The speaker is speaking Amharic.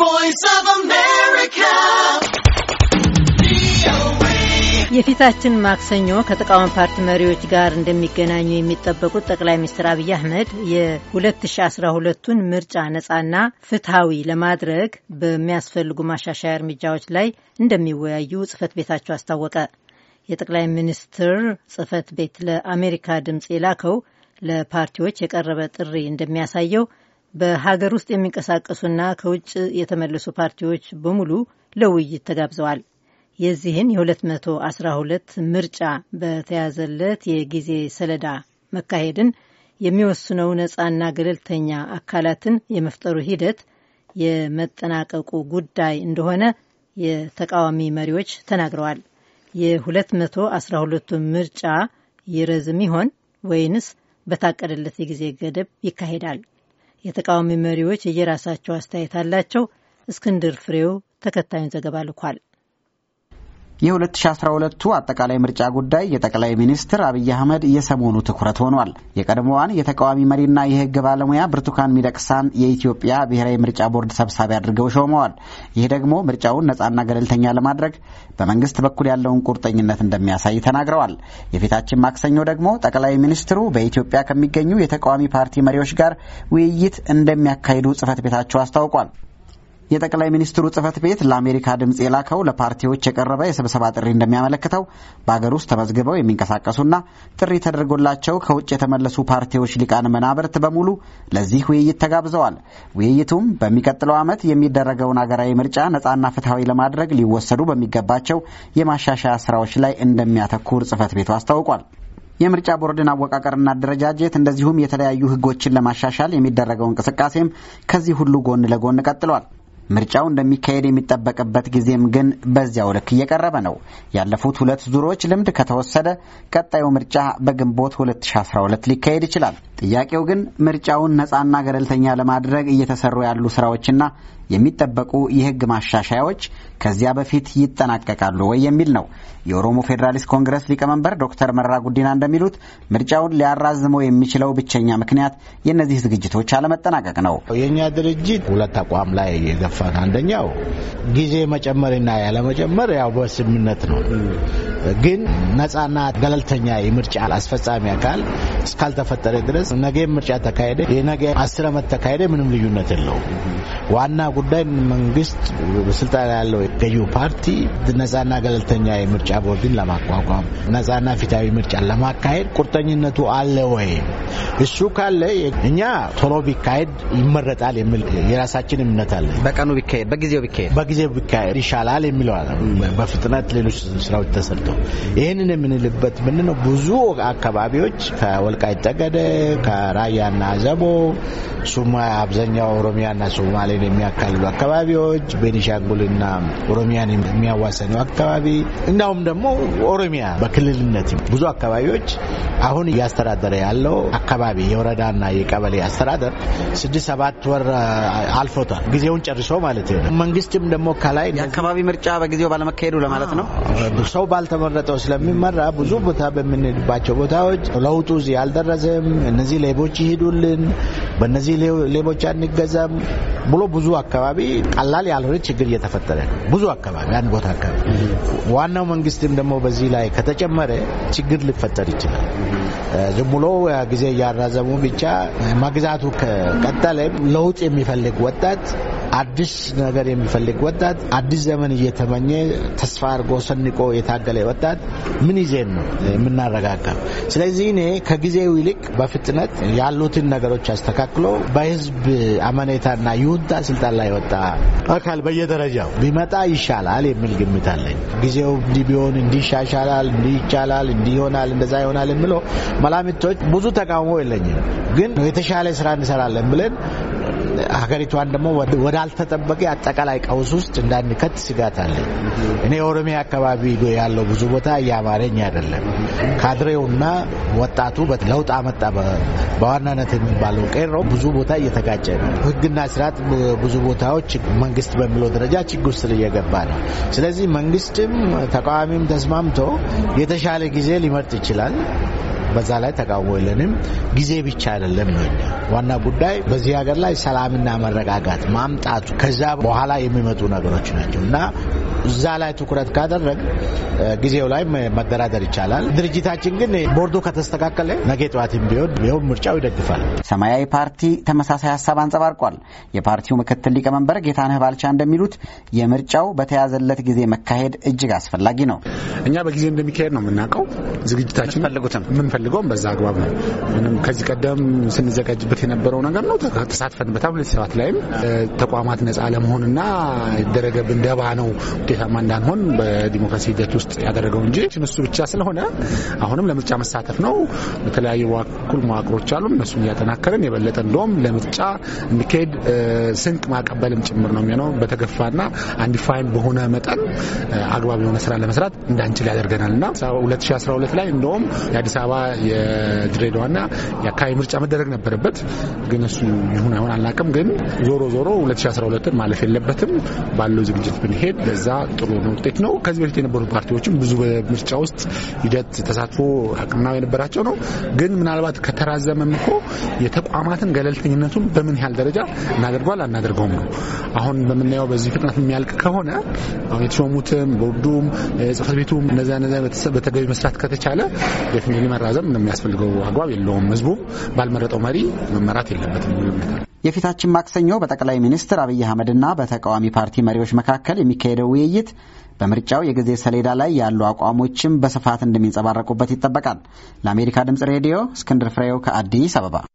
voice የፊታችን ማክሰኞ ከተቃዋሚ ፓርቲ መሪዎች ጋር እንደሚገናኙ የሚጠበቁት ጠቅላይ ሚኒስትር አብይ አህመድ የ2012ቱን ምርጫ ነፃና ፍትሐዊ ለማድረግ በሚያስፈልጉ ማሻሻያ እርምጃዎች ላይ እንደሚወያዩ ጽህፈት ቤታቸው አስታወቀ። የጠቅላይ ሚኒስትር ጽህፈት ቤት ለአሜሪካ ድምፅ የላከው ለፓርቲዎች የቀረበ ጥሪ እንደሚያሳየው በሀገር ውስጥ የሚንቀሳቀሱና ከውጭ የተመለሱ ፓርቲዎች በሙሉ ለውይይት ተጋብዘዋል። የዚህን የ 212 ምርጫ በተያዘለት የጊዜ ሰሌዳ መካሄድን የሚወስነው ነፃና ገለልተኛ አካላትን የመፍጠሩ ሂደት የመጠናቀቁ ጉዳይ እንደሆነ የተቃዋሚ መሪዎች ተናግረዋል። 212 ቱ ምርጫ ይረዝም ይሆን ወይንስ በታቀደለት የጊዜ ገደብ ይካሄዳል? የተቃዋሚ መሪዎች የየራሳቸው አስተያየት አላቸው። እስክንድር ፍሬው ተከታዩን ዘገባ ልኳል። የ2012ቱ አጠቃላይ ምርጫ ጉዳይ የጠቅላይ ሚኒስትር አብይ አህመድ የሰሞኑ ትኩረት ሆኗል። የቀድሞዋን የተቃዋሚ መሪና የህግ ባለሙያ ብርቱካን ሚደቅሳን የኢትዮጵያ ብሔራዊ ምርጫ ቦርድ ሰብሳቢ አድርገው ሾመዋል። ይህ ደግሞ ምርጫውን ነጻና ገለልተኛ ለማድረግ በመንግስት በኩል ያለውን ቁርጠኝነት እንደሚያሳይ ተናግረዋል። የፊታችን ማክሰኞ ደግሞ ጠቅላይ ሚኒስትሩ በኢትዮጵያ ከሚገኙ የተቃዋሚ ፓርቲ መሪዎች ጋር ውይይት እንደሚያካሂዱ ጽህፈት ቤታቸው አስታውቋል። የጠቅላይ ሚኒስትሩ ጽህፈት ቤት ለአሜሪካ ድምፅ የላከው ለፓርቲዎች የቀረበ የስብሰባ ጥሪ እንደሚያመለክተው በአገር ውስጥ ተመዝግበው የሚንቀሳቀሱና ጥሪ ተደርጎላቸው ከውጭ የተመለሱ ፓርቲዎች ሊቃን መናብርት በሙሉ ለዚህ ውይይት ተጋብዘዋል። ውይይቱም በሚቀጥለው ዓመት የሚደረገውን አገራዊ ምርጫ ነፃና ፍትሐዊ ለማድረግ ሊወሰዱ በሚገባቸው የማሻሻያ ስራዎች ላይ እንደሚያተኩር ጽህፈት ቤቱ አስታውቋል። የምርጫ ቦርድን አወቃቀርና አደረጃጀት እንደዚሁም የተለያዩ ህጎችን ለማሻሻል የሚደረገው እንቅስቃሴም ከዚህ ሁሉ ጎን ለጎን ቀጥሏል። ምርጫው እንደሚካሄድ የሚጠበቅበት ጊዜም ግን በዚያው ልክ እየቀረበ ነው። ያለፉት ሁለት ዙሮች ልምድ ከተወሰደ ቀጣዩ ምርጫ በግንቦት 2012 ሊካሄድ ይችላል። ጥያቄው ግን ምርጫውን ነፃና ገለልተኛ ለማድረግ እየተሰሩ ያሉ ስራዎችና የሚጠበቁ የህግ ማሻሻያዎች ከዚያ በፊት ይጠናቀቃሉ ወይ የሚል ነው። የኦሮሞ ፌዴራሊስት ኮንግረስ ሊቀመንበር ዶክተር መራ ጉዲና እንደሚሉት ምርጫውን ሊያራዝመው የሚችለው ብቸኛ ምክንያት የእነዚህ ዝግጅቶች አለመጠናቀቅ ነው። የእኛ ድርጅት ሁለት አቋም ላይ የገፋ ይገፋል። አንደኛው ጊዜ መጨመርና ያለመጨመር ያው በስምምነት ነው። ግን ነጻና ገለልተኛ የምርጫ አስፈጻሚ አካል እስካልተፈጠረ ድረስ ነገ ምርጫ ተካሄደ የነገ አስር ዓመት ተካሄደ ምንም ልዩነት የለውም። ዋና ጉዳይ መንግስት በስልጣን ያለው ገዢው ፓርቲ ነጻና ገለልተኛ የምርጫ ቦርድን ለማቋቋም ነጻና ፊታዊ ምርጫ ለማካሄድ ቁርጠኝነቱ አለ ወይ? እሱ ካለ እኛ ቶሎ ቢካሄድ ይመረጣል የሚል የራሳችን እምነት አለ። በቀኑ ቢካሄድ፣ በጊዜው ቢካሄድ፣ በጊዜው ቢካሄድ ይሻላል የሚለው በፍጥነት ሌሎች ስራዎች ተሰርተ ነው። ይህንን የምንልበት ምንድነው ነው? ብዙ አካባቢዎች ከወልቃይት ጠገዴ፣ ከራያና አዘቦ፣ ሱማ አብዛኛው ኦሮሚያና ሶማሌን የሚያካልሉ አካባቢዎች፣ ቤኒሻንጉልና ኦሮሚያን የሚያዋሰነው አካባቢ እንዲሁም ደግሞ ኦሮሚያ በክልልነት ብዙ አካባቢዎች አሁን እያስተዳደረ ያለው አካባቢ የወረዳና የቀበሌ አስተዳደር ስድስት ሰባት ወር አልፎታል፣ ጊዜውን ጨርሶ ማለት ነው። መንግስትም ደግሞ ከላይ የአካባቢ ምርጫ በጊዜው ባለመካሄዱ ለማለት ነው ሰው ባልተ የተመረጠው ስለሚመራ ብዙ ቦታ በምንሄድባቸው ቦታዎች ለውጡ እዚህ አልደረሰም፣ እነዚህ ሌቦች ይሄዱልን፣ በእነዚህ ሌቦች አንገዛም ብሎ ብዙ አካባቢ ቀላል ያልሆነ ችግር እየተፈጠረ ነው። ብዙ አካባቢ አንድ ቦታ አካባቢ ዋናው መንግስትም ደግሞ በዚህ ላይ ከተጨመረ ችግር ሊፈጠር ይችላል። ዝም ብሎ ጊዜ እያራዘሙ ብቻ መግዛቱ ከቀጠለ ለውጥ የሚፈልግ ወጣት አዲስ ነገር የሚፈልግ ወጣት፣ አዲስ ዘመን እየተመኘ ተስፋ አድርጎ ሰንቆ የታገለ ወጣት ምን ይዜን ነው የምናረጋጋው? ስለዚህ እኔ ከጊዜው ይልቅ በፍጥነት ያሉትን ነገሮች አስተካክሎ በህዝብ አመኔታና ይሁንታ ስልጣን ላይ ወጣ አካል በየደረጃው ቢመጣ ይሻላል የሚል ግምት አለኝ። ጊዜው እንዲህ ቢሆን እንዲህ ይሻሻላል፣ እንዲህ ይቻላል፣ እንዲህ ይሆናል፣ እንደዛ ይሆናል የምለው መላምቶች ብዙ ተቃውሞ የለኝም። ግን የተሻለ ስራ እንሰራለን ብለን ሀገሪቷን ደግሞ ወዳልተጠበቀ አጠቃላይ ቀውስ ውስጥ እንዳንከት ስጋት አለ። እኔ የኦሮሚያ አካባቢ ያለው ብዙ ቦታ እያማረኝ አይደለም። ካድሬውና ወጣቱ ለውጥ አመጣ በዋናነት የሚባለው ቄሮ ብዙ ቦታ እየተጋጨ ነው። ህግና ስርዓት ብዙ ቦታዎች መንግስት በሚለው ደረጃ ችግር ውስጥ እየገባ ነው። ስለዚህ መንግስትም ተቃዋሚም ተስማምቶ የተሻለ ጊዜ ሊመርጥ ይችላል። በዛ ላይ ተቃውሞ የለንም። ጊዜ ብቻ አይደለም ነው እኛ ዋና ጉዳይ በዚህ ሀገር ላይ ሰላምና መረጋጋት ማምጣቱ ከዛ በኋላ የሚመጡ ነገሮች ናቸው እና እዛ ላይ ትኩረት ካደረግ ጊዜው ላይ መደራደር ይቻላል። ድርጅታችን ግን ቦርዱ ከተስተካከለ ነገ ጠዋትም ቢሆን ይኸው ምርጫው ይደግፋል። ሰማያዊ ፓርቲ ተመሳሳይ ሀሳብ አንጸባርቋል። የፓርቲው ምክትል ሊቀመንበር ጌታነህ ባልቻ እንደሚሉት የምርጫው በተያዘለት ጊዜ መካሄድ እጅግ አስፈላጊ ነው። እኛ በጊዜ እንደሚካሄድ ነው የምናውቀው። ዝግጅታችን ፈልጉትም የምንፈልገውም በዛ አግባብ ነው። ምንም ከዚህ ቀደም ስንዘጋጅበት የነበረው ነገር ነው። ተሳትፈንበታል። ሁለት ሰባት ላይም ተቋማት ነጻ ለመሆንና ይደረገብን ደባ ነው ውጤታማ እንዳንሆን በዲሞክራሲ ሂደት ውስጥ ያደረገው እንጂ እሱ ብቻ ስለሆነ አሁንም ለምርጫ መሳተፍ ነው። በተለያዩ በኩል መዋቅሮች አሉ። እነሱን እያጠናከርን የበለጠ እንደውም ለምርጫ እንዲካሄድ ስንቅ ማቀበልም ጭምር ነው የሚሆነው። በተገፋና አንዲፋይን በሆነ መጠን አግባብ የሆነ ስራ ለመስራት እንዳንችል ያደርገናል እና 2012 ላይ እንደውም የአዲስ አበባ የድሬዳዋና የአካባቢ ምርጫ መደረግ ነበረበት። ግን እሱ ይሁን አይሆን አልናቅም። ግን ዞሮ ዞሮ 2012ን ማለፍ የለበትም ባለው ዝግጅት ብንሄድ ለዛ ጥሩ ውጤት ነው። ከዚህ በፊት የነበሩት ፓርቲዎችም ብዙ በምርጫ ውስጥ ሂደት ተሳትፎ አቅምና የነበራቸው ነው። ግን ምናልባት ከተራዘመም እኮ የተቋማትን ገለልተኝነቱን በምን ያህል ደረጃ እናደርጓል አናደርገውም ነው። አሁን በምናየው በዚህ ፍጥነት የሚያልቅ ከሆነ አሁን የተሾሙትም ቦርዱም ጽህፈት ቤቱም እነዚ ነዚ በተገቢ መስራት ከተቻለ ደፍኔ መራዘም የሚያስፈልገው አግባብ የለውም። ህዝቡም ባልመረጠው መሪ መመራት የለበትም። የፊታችን ማክሰኞ በጠቅላይ ሚኒስትር አብይ አህመድና በተቃዋሚ ፓርቲ መሪዎች መካከል የሚካሄደው ውይይት በምርጫው የጊዜ ሰሌዳ ላይ ያሉ አቋሞችም በስፋት እንደሚንጸባረቁበት ይጠበቃል። ለአሜሪካ ድምጽ ሬዲዮ እስክንድር ፍሬው ከአዲስ አበባ